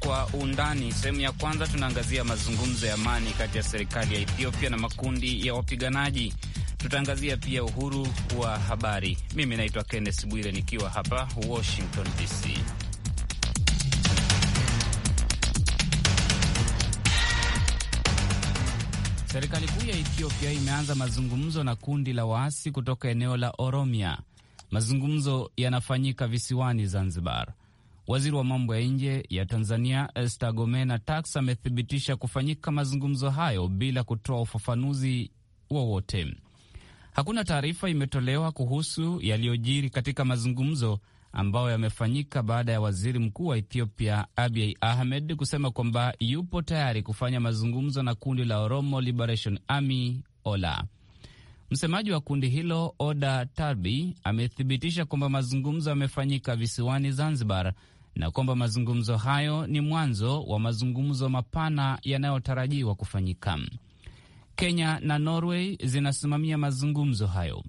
kwa undani. Sehemu ya kwanza tunaangazia mazungumzo ya amani kati ya serikali ya Ethiopia na makundi ya wapiganaji. Tutaangazia pia uhuru wa habari. Mimi naitwa Kenneth Bwire nikiwa hapa Washington DC. Serikali kuu ya Ethiopia imeanza mazungumzo na kundi la waasi kutoka eneo la Oromia. Mazungumzo yanafanyika visiwani Zanzibar. Waziri wa mambo ya nje ya Tanzania Esther Gomena Tax amethibitisha kufanyika mazungumzo hayo bila kutoa ufafanuzi wowote. Hakuna taarifa imetolewa kuhusu yaliyojiri katika mazungumzo ambayo yamefanyika baada ya waziri mkuu wa Ethiopia Abiy Ahmed kusema kwamba yupo tayari kufanya mazungumzo na kundi la Oromo Liberation Army OLA. Msemaji wa kundi hilo Oda Tarbi amethibitisha kwamba mazungumzo yamefanyika visiwani Zanzibar na kwamba mazungumzo hayo ni mwanzo wa mazungumzo mapana yanayotarajiwa kufanyika. Kenya na Norway zinasimamia mazungumzo hayo.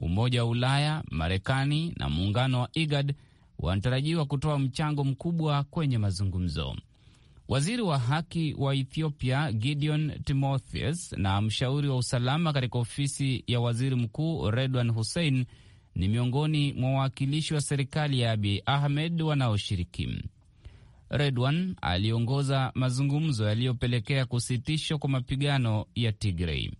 Umoja wa Ulaya, Marekani na muungano wa IGAD wanatarajiwa kutoa mchango mkubwa kwenye mazungumzo. Waziri wa haki wa Ethiopia Gideon Timotheus na mshauri wa usalama katika ofisi ya waziri mkuu Redwan Hussein ni miongoni mwa wawakilishi wa serikali ya abi Ahmed wanaoshiriki. Redwan aliongoza mazungumzo yaliyopelekea kusitishwa kwa mapigano ya tigrei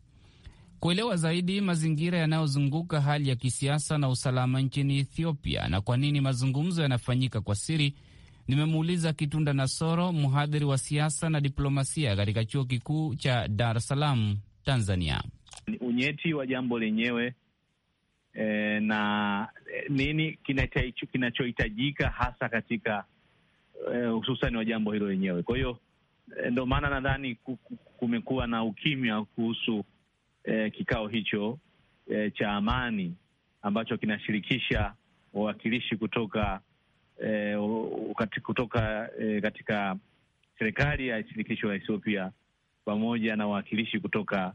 Kuelewa zaidi mazingira yanayozunguka hali ya kisiasa na usalama nchini Ethiopia na kwa nini mazungumzo yanafanyika kwa siri, nimemuuliza Kitunda Nasoro, mhadhiri wa siasa na diplomasia katika chuo kikuu cha Dar es Salaam, Tanzania. Unyeti wa jambo lenyewe e, na eh, nini kinachohitajika hasa katika eh, hususani wa jambo hilo lenyewe. Kwa hiyo e, ndo maana nadhani kumekuwa na ukimya kuhusu e, kikao hicho e, cha amani ambacho kinashirikisha wawakilishi kutoka e, ukati, kutoka e, katika serikali ya shirikisho la Ethiopia pamoja na wawakilishi kutoka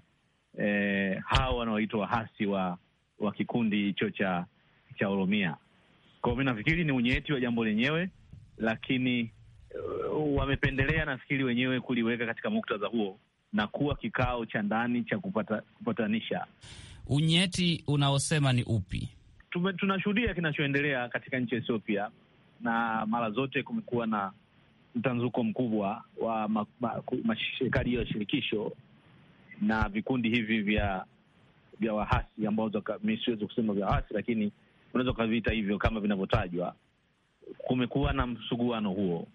e, hawa wanaoitwa wahasi wa wa kikundi hicho cha cha Oromia. Kwa hiyo mi nafikiri ni unyeti wa jambo lenyewe, lakini uh, wamependelea nafikiri wenyewe kuliweka katika muktadha huo na kuwa kikao cha ndani cha kupata, kupatanisha. Unyeti unaosema ni upi? Tume, tunashuhudia kinachoendelea katika nchi ya Ethiopia na mara zote kumekuwa na mtanzuko mkubwa wa ma, ma, ma, serikali hiyo ya shirikisho na vikundi hivi vya vya wahasi ambazo mi siwezi kusema vya wahasi, lakini unaweza ukaviita hivyo kama vinavyotajwa. Kumekuwa na msuguano huo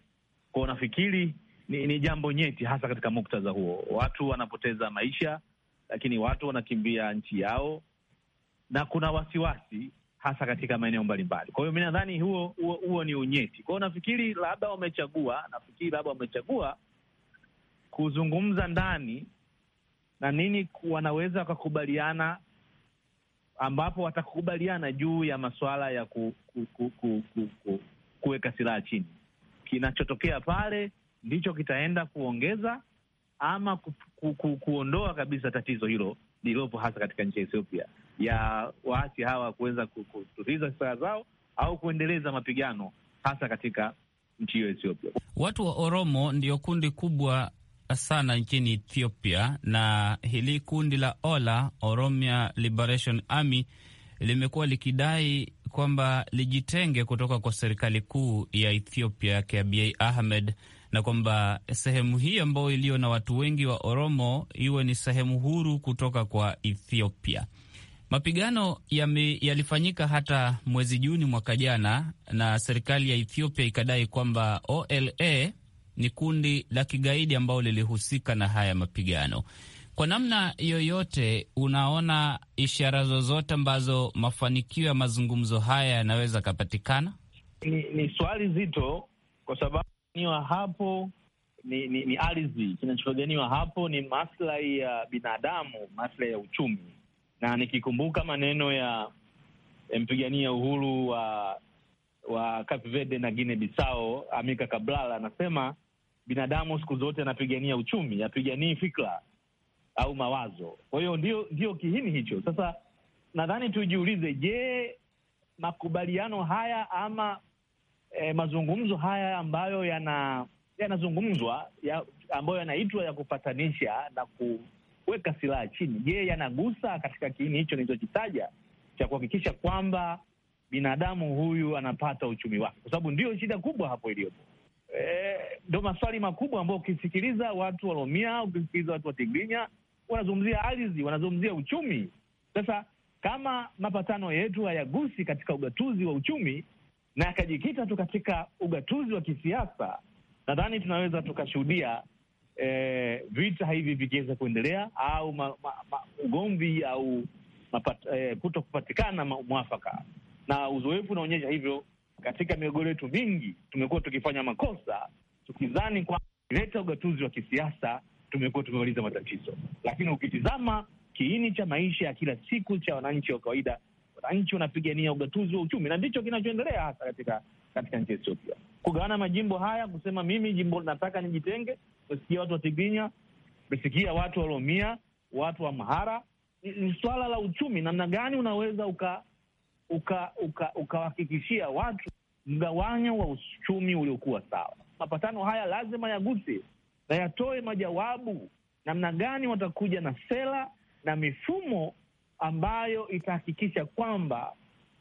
kwao, nafikiri ni, ni jambo nyeti, hasa katika muktadha huo. Watu wanapoteza maisha, lakini watu wanakimbia nchi yao, na kuna wasiwasi hasa katika maeneo mbalimbali. Kwa hiyo mi nadhani huo, huo huo ni unyeti. kwao. nafikiri labda wamechagua, nafikiri labda wamechagua kuzungumza ndani na nini wanaweza wakakubaliana, ambapo watakubaliana juu ya masuala ya ku, ku, ku, ku, ku, ku, kuweka silaha chini. Kinachotokea pale ndicho kitaenda kuongeza ama ku, ku, ku, kuondoa kabisa tatizo hilo lililopo hasa katika nchi ya Ethiopia ya waasi hawa kuweza kutuliza silaha zao au kuendeleza mapigano hasa katika nchi hiyo Ethiopia. Watu wa Oromo ndio kundi kubwa sana nchini Ethiopia, na hili kundi la OLA, Oromia Liberation Army, limekuwa likidai kwamba lijitenge kutoka kwa serikali kuu ya Ethiopia ya Abiy Ahmed, na kwamba sehemu hii ambayo iliyo na watu wengi wa Oromo iwe ni sehemu huru kutoka kwa Ethiopia. Mapigano yalifanyika hata mwezi Juni mwaka jana, na serikali ya Ethiopia ikadai kwamba OLA ni kundi la kigaidi ambalo lilihusika na haya mapigano. Kwa namna yoyote, unaona ishara zozote ambazo mafanikio ya mazungumzo haya yanaweza akapatikana Ni, ni swali zito kwa sababu niwa hapo ni, ni, ni ardhi. Kinachopiganiwa hapo ni maslahi ya binadamu, maslahi ya uchumi, na nikikumbuka maneno ya mpigania uhuru wa wa Cape Verde na Guinea Bissau Amika Cabral anasema binadamu siku zote anapigania uchumi, apiganii fikra au mawazo. Kwa hiyo ndio, ndio kiini hicho. Sasa nadhani tujiulize, je, makubaliano haya ama e, mazungumzo haya ambayo yana yanazungumzwa ya, ambayo yanaitwa ya kupatanisha na kuweka silaha chini, je, yanagusa katika kiini hicho nilichokitaja cha kuhakikisha kwamba binadamu huyu anapata uchumi wake, kwa sababu ndio shida kubwa hapo iliyopo. Eh, ndo e, maswali makubwa ambayo ukisikiliza watu wa Oromia, ukisikiliza watu wa Tigrinya wanazungumzia ardhi, wanazungumzia uchumi. Sasa kama mapatano yetu hayagusi katika ugatuzi wa uchumi na yakajikita tu katika ugatuzi wa kisiasa, nadhani tunaweza tukashuhudia e, vita hivi vikiweza kuendelea au ma, ma, ma, ugomvi au mapat, eh, kuto kupatikana mwafaka, na uzoefu unaonyesha hivyo katika migogoro yetu mingi tumekuwa tukifanya makosa tukizani kwa leta ugatuzi wa kisiasa tumekuwa tumemaliza matatizo, lakini ukitizama kiini cha maisha ya kila siku cha wananchi wa kawaida, wananchi wanapigania ugatuzi wa uchumi, na ndicho kinachoendelea hasa katika katika nchi Ethiopia, kugawana majimbo haya, kusema mimi jimbo nataka nijitenge. Umesikia watu wa Tigrinya, umesikia watu wa Oromia, watu wa Amhara. Ni swala la uchumi, namna gani unaweza uka ukawahakikishia uka, uka watu mgawanyo wa uchumi uliokuwa sawa. Mapatano haya lazima yaguse na yatoe majawabu namna gani watakuja na sera na mifumo ambayo itahakikisha kwamba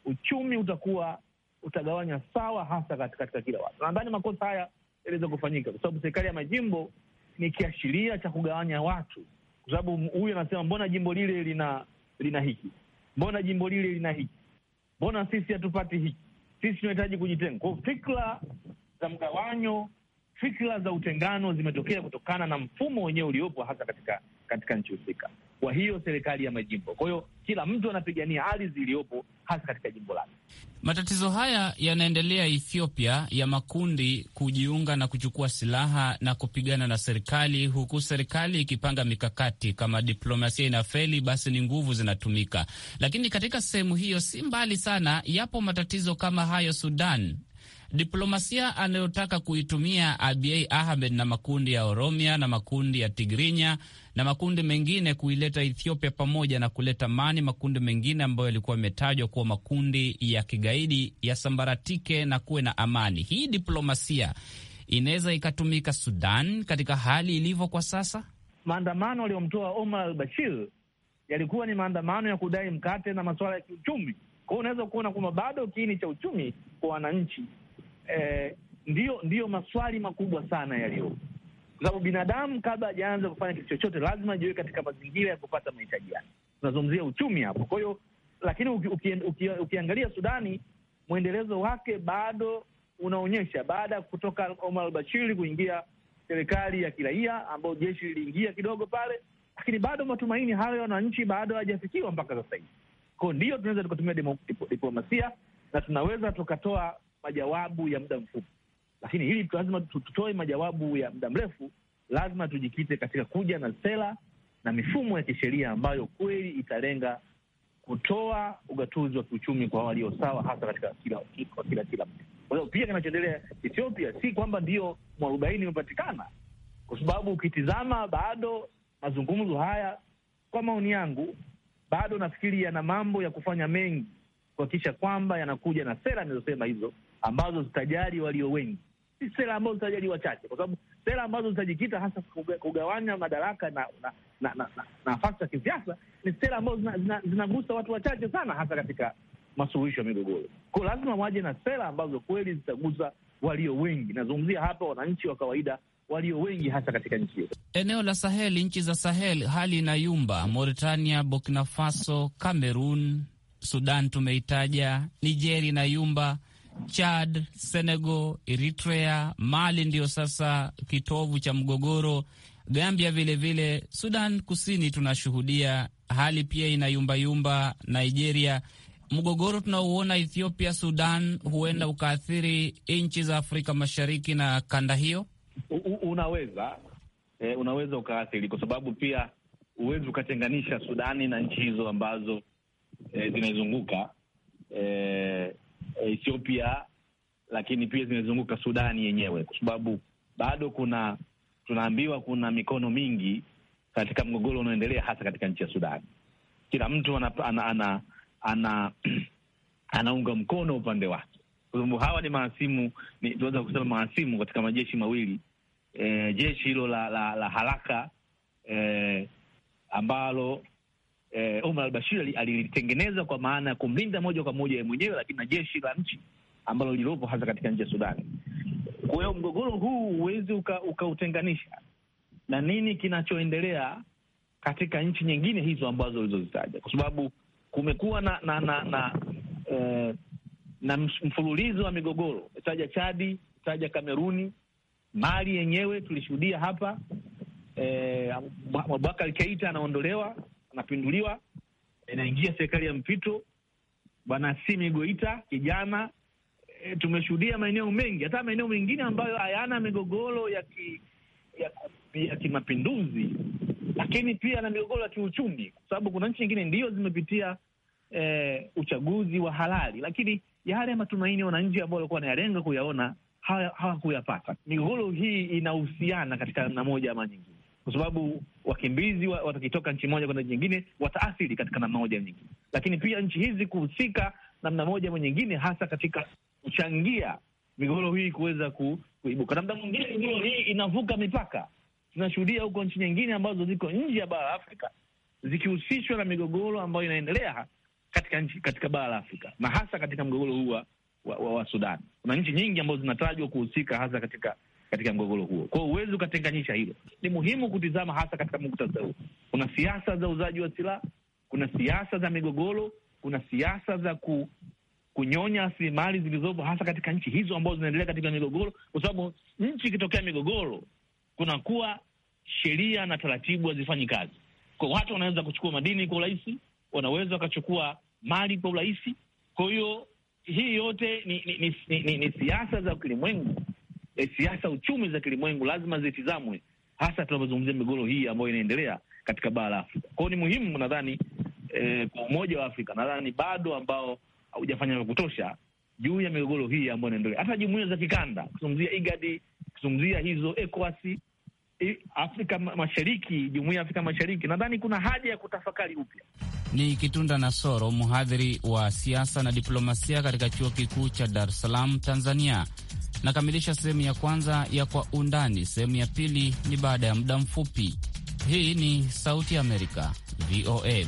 uchumi utakuwa utagawanywa sawa, hasa katika, katika kila watu. Nadhani makosa haya yaliweza kufanyika kwa sababu serikali ya majimbo ni kiashiria cha kugawanya watu, kwa sababu huyu anasema mbona jimbo lile lina lina hiki, mbona jimbo lile lina hiki mbona sisi hatupati hiki? Sisi tunahitaji kujitenga. Kwa fikra za mgawanyo, fikra za utengano zimetokea kutokana na mfumo wenyewe uliopo hasa katika katika nchi husika. Kwa hiyo serikali ya majimbo, kwa hiyo kila mtu anapigania ardhi iliyopo hasa katika jimbo lake. Matatizo haya yanaendelea Ethiopia ya makundi kujiunga na kuchukua silaha na kupigana na serikali, huku serikali ikipanga mikakati. Kama diplomasia inafeli, basi ni nguvu zinatumika, lakini katika sehemu hiyo si mbali sana, yapo matatizo kama hayo Sudan. Diplomasia anayotaka kuitumia Abiy Ahmed na makundi ya Oromia na makundi ya Tigrinya na makundi mengine kuileta Ethiopia pamoja na kuleta mani, makundi mengine ambayo yalikuwa yametajwa kuwa makundi ya kigaidi yasambaratike na kuwe na amani. Hii diplomasia inaweza ikatumika Sudan katika hali ilivyo kwa sasa. Maandamano aliyomtoa Omar al Bashir yalikuwa ni maandamano ya kudai mkate na masuala ya kiuchumi. Kwa hiyo unaweza kuona kwamba bado kiini cha uchumi kwa wananchi eh, ndiyo, ndiyo maswali makubwa sana yaliyopo, kwa sababu binadamu kabla hajaanza kufanya kitu chochote lazima ajiwe katika mazingira ya kupata mahitaji yake. Tunazungumzia uchumi hapo. Kwa hiyo lakini uki, uki, uki, ukiangalia Sudani mwendelezo wake bado unaonyesha baada ya kutoka Omar al-Bashir kuingia serikali ya kiraia ambayo jeshi liliingia kidogo pale, lakini bado matumaini hayo ya wananchi bado hayajafikiwa mpaka sasa hivi. ndio ndiyo tunaweza tukatumia diplomasia na tunaweza tukatoa majawabu ya muda mfupi, lakini hili lazima tutoe majawabu ya muda mrefu. Lazima tujikite katika kuja na sera na mifumo ya kisheria ambayo kweli italenga kutoa ugatuzi wa kiuchumi kwa walio sawa, hasa katika kila kwa kila kila mtu. Kwa hiyo pia kinachoendelea Ethiopia si kwamba ndiyo mwarobaini imepatikana, kwa sababu ukitizama bado mazungumzo haya, kwa maoni yangu, bado nafikiri yana mambo ya kufanya mengi kuhakikisha kwamba yanakuja na sera ninazosema hizo ambazo zitajali walio wengi, si sera ambazo zitajali wachache, kwa sababu sera ambazo zitajikita hasa kugawanya madaraka na nafasi za kisiasa ni sera ambazo zinagusa zina, zina watu wachache sana, hasa katika masuluhisho ya migogoro. Kwa lazima waje na sera ambazo kweli zitagusa walio wengi. Nazungumzia hapa wananchi wa kawaida walio wengi hasa katika nchi yetu, eneo la Sahel, nchi za Sahel, hali inayumba. Mauritania, Burkina Faso, Cameroon, Sudan tumeitaja, na inayumba. Chad, Senegal, Eritrea, Mali ndiyo sasa kitovu cha mgogoro, Gambia vilevile vile, Sudan Kusini tunashuhudia hali pia inayumbayumba, Nigeria mgogoro tunaouona Ethiopia, Sudan huenda ukaathiri nchi za Afrika Mashariki na kanda hiyo. Unaweza e, unaweza ukaathiri kwa sababu pia huwezi ukatenganisha Sudani na nchi hizo ambazo e, eh, zinaizunguka e, eh, Libya, lakini pia zimezunguka Sudani yenyewe, kwa sababu bado kuna tunaambiwa kuna mikono mingi katika mgogoro unaoendelea hasa katika nchi ya Sudani. Kila mtu ana, ana, ana, ana anaunga mkono upande wake, kwa sababu hawa ni mahasimu, ni tunaweza kusema mahasimu katika majeshi mawili e, jeshi hilo la, la, la haraka e, ambalo e, Omar al-Bashir alilitengeneza kwa maana ya kumlinda moja kwa moja yeye mwenyewe, lakini na jeshi la nchi ambalo lilopo hasa katika nchi ya Sudani. Kwa hiyo mgogoro huu huwezi ukautenganisha uka na nini kinachoendelea katika nchi nyingine hizo ambazo ulizozitaja, kwa sababu kumekuwa na na na na, eh, na mfululizo wa migogoro. Taja Chadi, taja Kameruni, Mali yenyewe tulishuhudia hapa eh, Abubakar Keita anaondolewa, anapinduliwa, inaingia serikali ya mpito. Bwana Simi Goita kijana e, tumeshuhudia maeneo mengi, hata maeneo mengine ambayo hayana migogoro ya ki, ya, ya kimapinduzi, lakini pia na migogoro ya kiuchumi, kwa sababu kuna nchi nyingine ndiyo zimepitia e, uchaguzi wa halali, lakini yale matumaini wananchi ambao walikuwa wanayalenga kuyaona hawakuyapata. Migogoro hii inahusiana katika namna moja ama nyingine, kwa sababu wakimbizi watakitoka nchi moja kwenda nyingine wataathiri katika namna moja nyingine, lakini pia nchi hizi kuhusika namna moja ama nyingine, hasa katika kuchangia migogoro hii kuweza ku, kuibuka. Na mda mwingine migogoro hii inavuka mipaka, tunashuhudia huko nchi nyingine ambazo ziko nje ya bara la Afrika zikihusishwa na migogoro ambayo inaendelea katika nchi, katika bara la Afrika na hasa katika mgogoro huu wa, wa, wa Sudan. Kuna nchi nyingi ambazo zinatajwa kuhusika hasa katika katika mgogoro huo. Kwa hiyo huwezi ukatenganisha hilo, ni muhimu kutizama hasa katika muktadha huu. Kuna siasa za uzaji wa silaha, kuna siasa za migogoro, kuna siasa za ku, kunyonya rasilimali zilizopo hasa katika nchi hizo ambazo zinaendelea katika migogoro, kwa sababu nchi ikitokea migogoro kunakuwa sheria na taratibu hazifanyi kazi. Kwa watu wanaweza kuchukua madini kwa urahisi, wanaweza wakachukua mali kwa urahisi. Kwa hiyo hii yote ni, ni, ni, ni, ni, ni siasa za kilimwengu e, siasa uchumi za kilimwengu lazima zitizamwe, hasa tunavyozungumzia migogoro hii ambayo inaendelea katika bara la Afrika. Kwao ni muhimu nadhani, e, kwa Umoja wa Afrika nadhani bado ambao haujafanya vya kutosha juu ya migogoro hii ambayo inaendelea, hata jumuia za kikanda, kuzungumzia IGAD, kuzungumzia hizo ECOWAS, Afrika Mashariki, jumuia ya Afrika Mashariki, nadhani kuna haja ya kutafakari upya. Ni Kitunda Nasoro, mhadhiri wa siasa na diplomasia katika chuo kikuu cha Dar es Salaam, Tanzania. Nakamilisha sehemu ya kwanza ya Kwa Undani. Sehemu ya pili ni baada ya muda mfupi. Hii ni Sauti ya Amerika, VOA.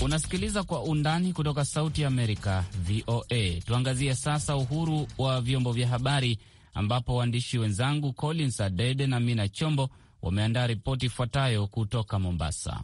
Unasikiliza kwa undani kutoka Sauti ya Amerika, VOA. Tuangazie sasa uhuru wa vyombo vya habari, ambapo waandishi wenzangu Collins Adede na Mina Chombo wameandaa ripoti ifuatayo kutoka Mombasa.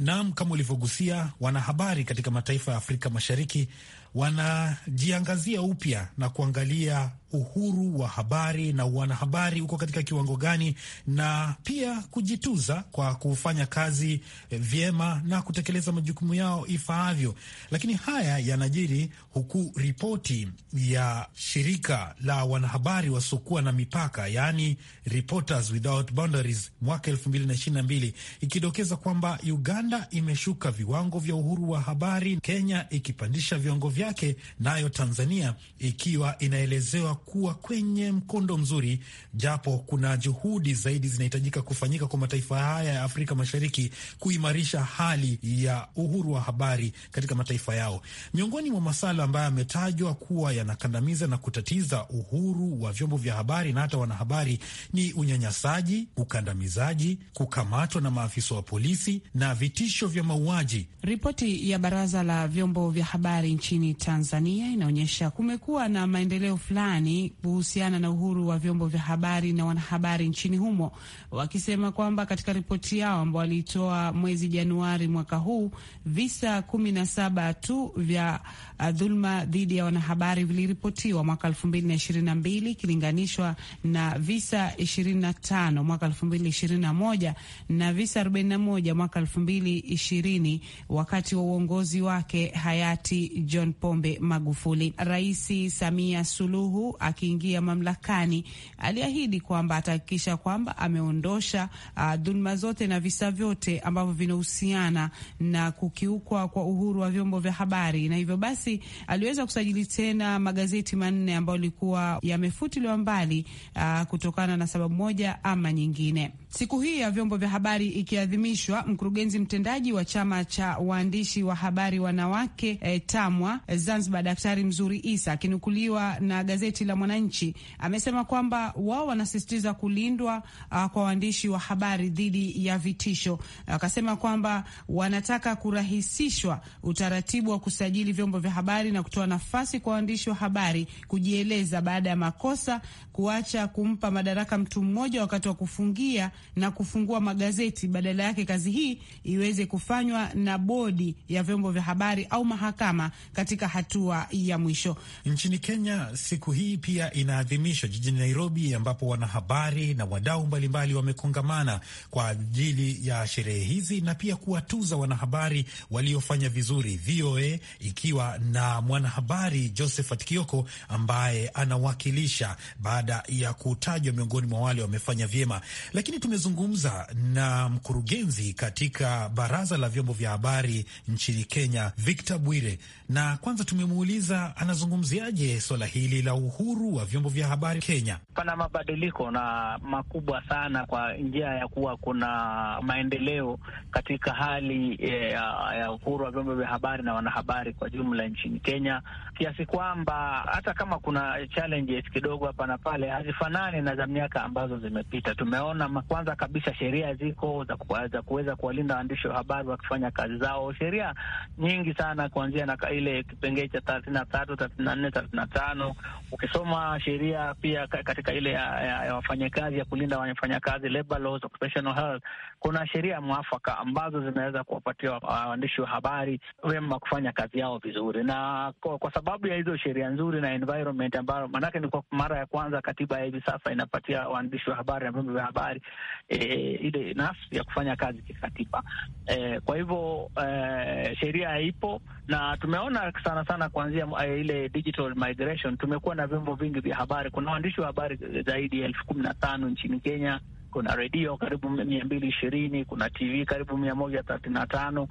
Naam, kama ulivyogusia, wanahabari katika mataifa ya Afrika Mashariki wanajiangazia upya na kuangalia uhuru wa habari na wanahabari huko katika kiwango gani, na pia kujituza kwa kufanya kazi eh, vyema na kutekeleza majukumu yao ifaavyo. Lakini haya yanajiri huku ripoti ya shirika la wanahabari wasiokuwa na mipaka, yaani Reporters Without Boundaries, mwaka 2022 ikidokeza kwamba Uganda imeshuka viwango vya uhuru wa habari, Kenya ikipandisha viwango vya yake nayo Tanzania ikiwa inaelezewa kuwa kwenye mkondo mzuri, japo kuna juhudi zaidi zinahitajika kufanyika kwa mataifa haya ya Afrika Mashariki kuimarisha hali ya uhuru wa habari katika mataifa yao. Miongoni mwa masuala ambayo yametajwa kuwa yanakandamiza na kutatiza uhuru wa vyombo vya habari na hata wanahabari ni unyanyasaji, ukandamizaji, kukamatwa na maafisa wa polisi na vitisho vya mauaji. Ripoti ya baraza la vyombo vya habari nchini Tanzania inaonyesha kumekuwa na maendeleo fulani kuhusiana na uhuru wa vyombo vya habari na wanahabari nchini humo, wakisema kwamba katika ripoti yao ambao walitoa mwezi Januari mwaka huu, visa kumi na saba tu vya uh, dhuluma dhidi ya wanahabari viliripotiwa mwaka 2022 ikilinganishwa na visa 25 mwaka 2021 na visa 41 mwaka 2020 wakati wa uongozi wake hayati John Paul Pombe Magufuli. Rais Samia Suluhu akiingia mamlakani, aliahidi kwamba atahakikisha kwamba ameondosha uh, dhuluma zote na visa vyote ambavyo vinahusiana na kukiukwa kwa uhuru wa vyombo vya habari, na hivyo basi aliweza kusajili tena magazeti manne ambayo yalikuwa yamefutiliwa mbali uh, kutokana na sababu moja ama nyingine. Siku hii ya vyombo vya habari ikiadhimishwa, mkurugenzi mtendaji wa chama cha waandishi wa habari wanawake e, TAMWA e, Zanzibar, Daktari Mzuri Isa akinukuliwa na gazeti la Mwananchi amesema kwamba wao wanasisitiza kulindwa a, ah, kwa waandishi wa habari dhidi ya vitisho. Akasema kwamba wanataka kurahisishwa utaratibu wa kusajili vyombo vya habari na kutoa nafasi kwa waandishi wa habari kujieleza baada ya makosa, kuacha kumpa madaraka mtu mmoja wakati wa kufungia na kufungua magazeti, badala yake kazi hii iweze kufanywa na bodi ya vyombo vya habari au mahakama katika hatua ya mwisho. Nchini Kenya, siku hii pia inaadhimishwa jijini Nairobi, ambapo wanahabari na wadau mbalimbali wamekongamana kwa ajili ya sherehe hizi na pia kuwatuza wanahabari waliofanya vizuri. VOA ikiwa na mwanahabari Josephat Kioko ambaye anawakilisha baada ya kutajwa miongoni mwa wale wamefanya vyema, lakini tume nimezungumza na mkurugenzi katika baraza la vyombo vya habari nchini Kenya, Victor Bwire, na kwanza tumemuuliza anazungumziaje swala hili la uhuru wa vyombo vya habari Kenya. Pana mabadiliko na makubwa sana, kwa njia ya kuwa kuna maendeleo katika hali e, ya, ya uhuru wa vyombo vya habari na wanahabari kwa jumla nchini Kenya, kiasi kwamba hata kama kuna challenges kidogo hapa na pale, hazifanani na za miaka ambazo zimepita. Tumeona kwanza kabisa sheria ziko za kuweza kuwalinda waandishi wa habari wakifanya kazi zao. Sheria nyingi sana kuanzia na ile kipengee cha thelathini na tatu, thelathini na nne, thelathini na tano. Ukisoma sheria pia katika ile ya, ya, ya wafanyakazi ya kulinda wafanyakazi, labor laws, occupational health kuna sheria mwafaka ambazo zinaweza kuwapatia uh, waandishi wa habari wema kufanya kazi yao vizuri, na kwa, kwa sababu ya hizo sheria nzuri na environment ambayo maanake ni kwa mara ya kwanza katiba ya hivi sasa inapatia waandishi wa habari na vyombo vya habari e, ile nafsi ya kufanya kazi kikatiba e, kwa hivyo e, sheria ipo na tumeona sana sana kuanzia ile digital migration, tumekuwa na vyombo vingi vya habari. Kuna waandishi wa habari zaidi ya elfu kumi na tano nchini Kenya kuna redio karibu mia mbili ishirini kuna TV karibu mia moja thelathini na tano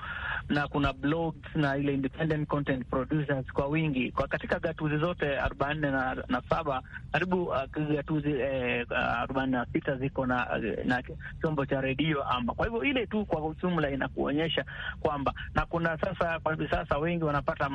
na kuna blogs na ile independent content producers kwa wingi kwa katika gatuzi zote arobaini na, na saba karibu uh, gatuzi eh, uh, arobaini eh, na sita ziko na, na chombo cha redio amba Kwa hivyo ile tu kwa ujumla inakuonyesha kwamba na kuna sasa, kwa hivi sasa wengi wanapata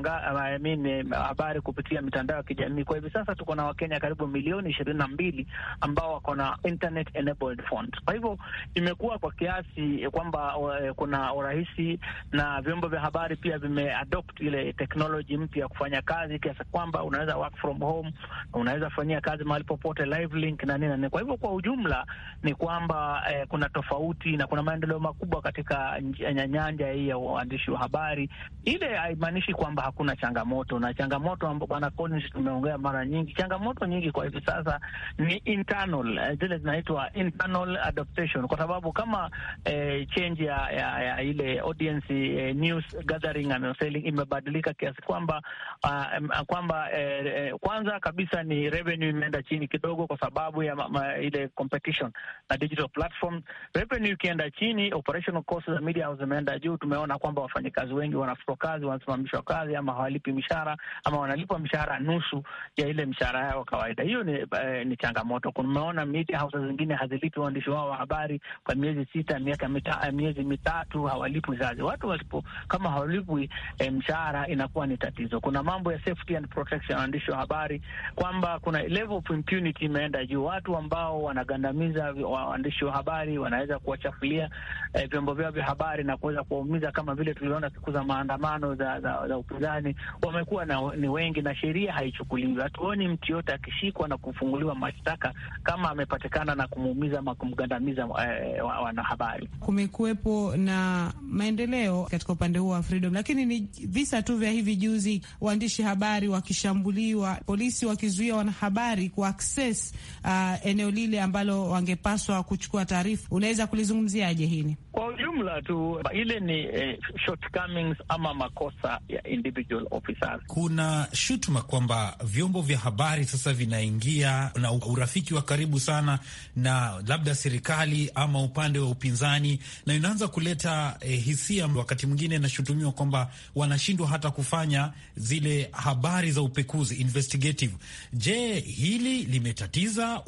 uh, eh, habari kupitia mitandao ya kijamii. Kwa hivi sasa tuko na Wakenya karibu milioni ishirini na mbili ambao wako na internet enabled Kwa hivyo imekuwa kwa kiasi kwamba uh, kuna urahisi na vyombo vya habari pia vimeadopt ile teknoloji mpya ya kufanya kazi kiasi kwamba unaweza work from home, unaweza fanyia kazi mahali popote, live link na nini na nini. Kwa hivyo kwa ujumla ni kwamba uh, kuna tofauti na kuna maendeleo makubwa katika nyanja hii ya uandishi wa habari. Ile haimaanishi kwamba hakuna changamoto, na changamoto ambapo Bwana Collins tumeongea mara nyingi, changamoto nyingi kwa hivi sasa ni internal, e, zile zinaitwa internal adaptation, kwa sababu kama eh, change ya, ya, ya ile audience eh, news gathering and selling imebadilika kiasi kwamba uh, kwamba eh, eh, kwanza kabisa ni revenue imeenda chini kidogo, kwa sababu ya ma, ma, ile competition na digital platform. Revenue ikienda chini, operational costs za media house zimeenda juu. Tumeona kwamba wafanyakazi wengi wanafutwa kazi, wanasimamishwa kazi, ama hawalipi mishahara ama wanalipwa mishahara nusu ya ile mishahara yao kawaida. Hiyo ni, eh, ni changamoto. Kumeona media houses zingine hazilipi waandishi wao wa habari kwa miezi sita, miaka mita, eh, miezi mitatu hawalipwi. zazi. watu walipo kama hawalipwi e, mshahara inakuwa ni tatizo. Kuna mambo ya safety and protection waandishi wa habari kwamba kuna level of impunity imeenda juu. Watu ambao wanagandamiza waandishi wa habari wanaweza kuwachafulia e, vyombo vyao vya habari na kuweza kuwaumiza, kama vile tuliona siku za maandamano za, za, za upinzani wamekuwa ni wengi, na sheria haichukuliwi. Hatuoni mtu yote akishikwa na kufunguliwa mashtaka kama amepatikana na kumu kumuumiza ama kumgandamiza eh, wanahabari. Kumekuwepo na maendeleo katika upande huo wa freedom, lakini ni visa tu vya hivi juzi, waandishi habari wakishambuliwa, polisi wakizuia wanahabari kuaccess uh, eneo lile ambalo wangepaswa kuchukua taarifa. Unaweza kulizungumziaje hili kwa ujumla tu? Ile ni eh, shortcomings ama makosa ya individual officers. Kuna shutuma kwamba vyombo vya habari sasa vinaingia na urafiki wa karibu sana na labda serikali ama upande wa upinzani, na inaanza kuleta eh, hisia wakati mwingine inashutumiwa kwamba wanashindwa hata kufanya zile habari za upekuzi investigative. Je, hili limetatiza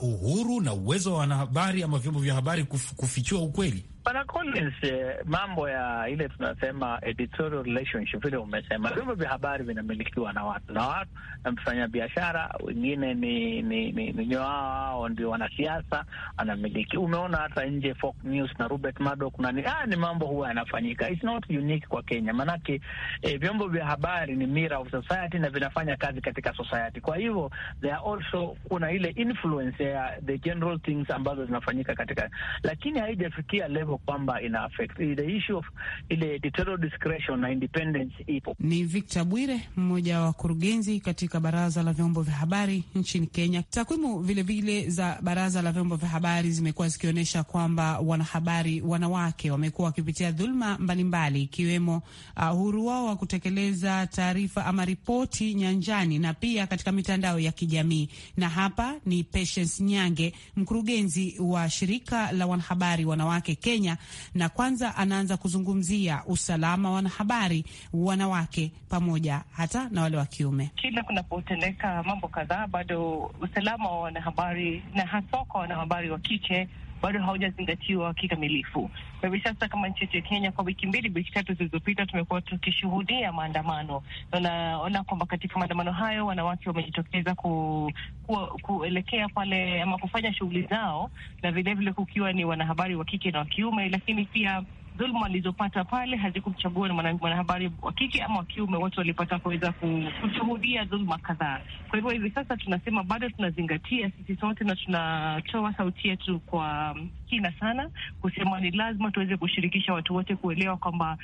uhuru na uwezo wa wanahabari ama vyombo vya habari kufichua ukweli? Bwana Collins, eh, mambo ya ile tunasema editorial relationship, vile umesema, vyombo vya habari vinamilikiwa na watu na watu na mfanya biashara, wengine ni ni ni, ni wao ndio wanasiasa anamiliki. Umeona hata nje Fox News na Robert Murdoch na ni ah, ni mambo huwa yanafanyika, it's not unique kwa Kenya, manake eh, vyombo vya habari ni mirror of society na vinafanya kazi katika society. Kwa hivyo they are also, kuna ile influence ya the general things ambazo zinafanyika katika, lakini haijafikia level hivyo kwamba ina affect the issue of ile editorial discretion na independence ipo. Ni Victor Bwire, mmoja wa wakurugenzi katika baraza la vyombo vya habari nchini Kenya. Takwimu vilevile za baraza la vyombo vya habari zimekuwa zikionyesha kwamba wanahabari wanawake wamekuwa wakipitia dhuluma mbalimbali ikiwemo uh, uhuru wao wa kutekeleza taarifa ama ripoti nyanjani na pia katika mitandao ya kijamii. Na hapa ni Patience Nyange, mkurugenzi wa shirika la wanahabari wanawake Kenya Kenya, na kwanza anaanza kuzungumzia usalama wa wanahabari wanawake pamoja hata na wale wa kiume. Kila kunapotendeka mambo kadhaa, bado usalama wa wanahabari na haswa kwa wanahabari wa kike bado haujazingatiwa kikamilifu. Kwa hivi sasa kama nchi yetu ya Kenya, kwa wiki mbili, wiki tatu zilizopita, tumekuwa tukishuhudia maandamano. Unaona kwamba katika maandamano hayo wanawake wamejitokeza ku, ku, kuelekea pale ama kufanya shughuli zao, na vilevile kukiwa ni wanahabari wa kike na wa kiume, lakini pia dhuluma alizopata pale hazikumchagua mwanahabari wa kike ama wa kiume, wote walipata kuweza kushuhudia dhuluma kadhaa. Kwa hivyo hivi sasa tunasema bado tunazingatia sisi sote na tunatoa sauti yetu kwa kina sana kusema ni lazima tuweze kushirikisha watu wote kuelewa kwamba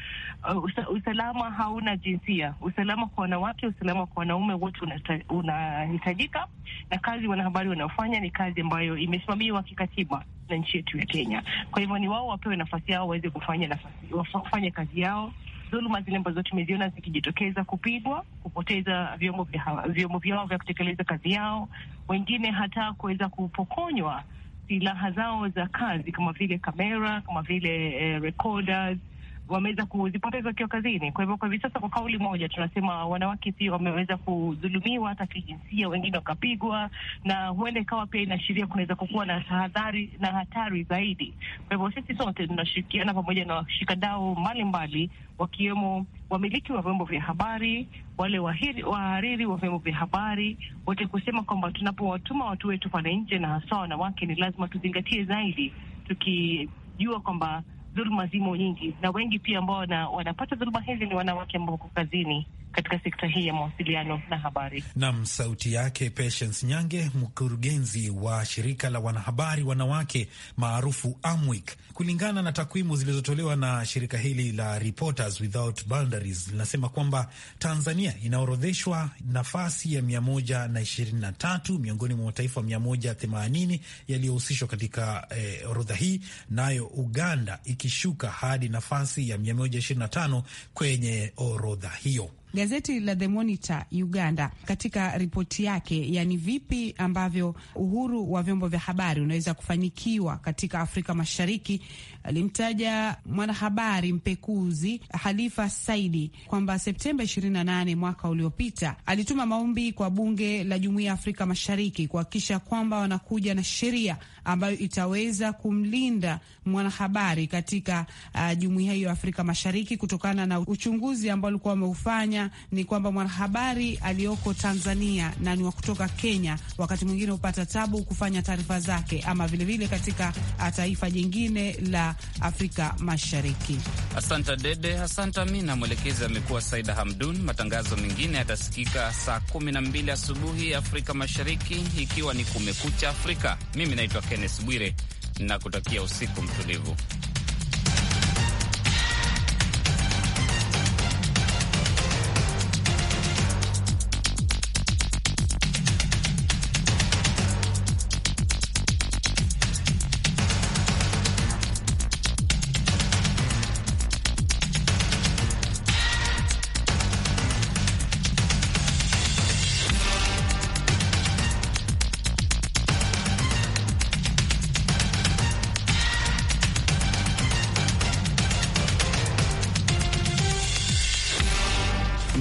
uh, usalama hauna jinsia. Usalama kwa wanawake, usalama kwa wanaume, wote unahitajika, na kazi wanahabari wanaofanya ni kazi ambayo imesimamiwa kikatiba na nchi yetu ya Kenya. Kwa hivyo ni wao wapewe nafasi yao waweze kufanya nafasi, kufanya kazi yao. Dhuluma zile ambazo tumeziona zikijitokeza, kupigwa, kupoteza vyombo vyao vya kutekeleza kazi yao, wengine hata kuweza kupokonywa silaha zao za kazi kama vile kamera, kama vile eh, recorders wameweza kuzipoteza wakiwa kazini. Kwa hivyo kwa hivi sasa, kwa kauli moja tunasema wanawake pia wameweza kudhulumiwa hata kijinsia, wengine wakapigwa, na huenda ikawa pia inaashiria kunaweza kukuwa na tahadhari na hatari zaidi. Kwa hivyo sisi sote tunashirikiana pamoja na washikadau mbalimbali, wakiwemo wamiliki wa vyombo vya habari, wale wahariri wa vyombo vya habari wote, kusema kwamba tunapowatuma watu wetu pale nje, na hasa wanawake, ni lazima tuzingatie zaidi, tukijua kwamba dhuluma zimo nyingi, na wengi pia ambao wanapata dhuluma hizi ni wanawake ambao wako kazini katika sekta hii ya mawasiliano na habari. Nam sauti yake Patience Nyange, mkurugenzi wa shirika la wanahabari wanawake maarufu Amwik. Kulingana na takwimu zilizotolewa na shirika hili la Reporters Without Boundaries, linasema kwamba Tanzania inaorodheshwa nafasi ya 123 miongoni mwa mataifa 180 yaliyohusishwa katika eh, orodha hii, nayo Uganda ikishuka hadi nafasi ya 125 kwenye orodha hiyo. Gazeti la The Monitor Uganda katika ripoti yake, yani vipi ambavyo uhuru wa vyombo vya habari unaweza kufanikiwa katika Afrika Mashariki, alimtaja mwanahabari mpekuzi Halifa Saidi kwamba Septemba 28 mwaka uliopita alituma maombi kwa bunge la Jumuiya ya Afrika Mashariki kuhakikisha kwamba wanakuja na sheria ambayo itaweza kumlinda mwanahabari katika uh, jumuiya hiyo ya Afrika Mashariki kutokana na uchunguzi ambao alikuwa wameufanya ni kwamba mwanahabari aliyoko Tanzania na ni wa kutoka Kenya wakati mwingine hupata tabu kufanya taarifa zake ama vilevile vile katika uh, taifa jingine la Afrika Mashariki. Asante Dede, asante Amina. Mwelekezi amekuwa Saida Hamdun. Matangazo mengine yatasikika saa 12 asubuhi Afrika Mashariki, ikiwa ni Kumekucha Afrika. Mimi naitwa Kenneth Bwire na kutakia usiku mtulivu.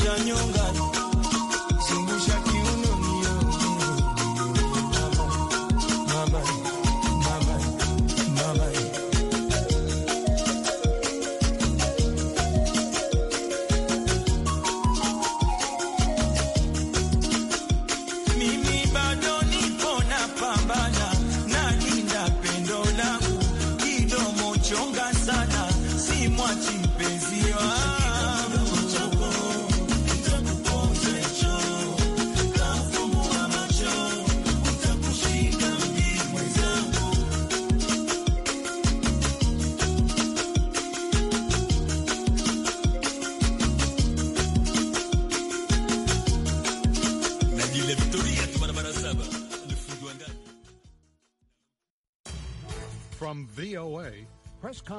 Shanyonga.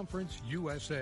Conference USA.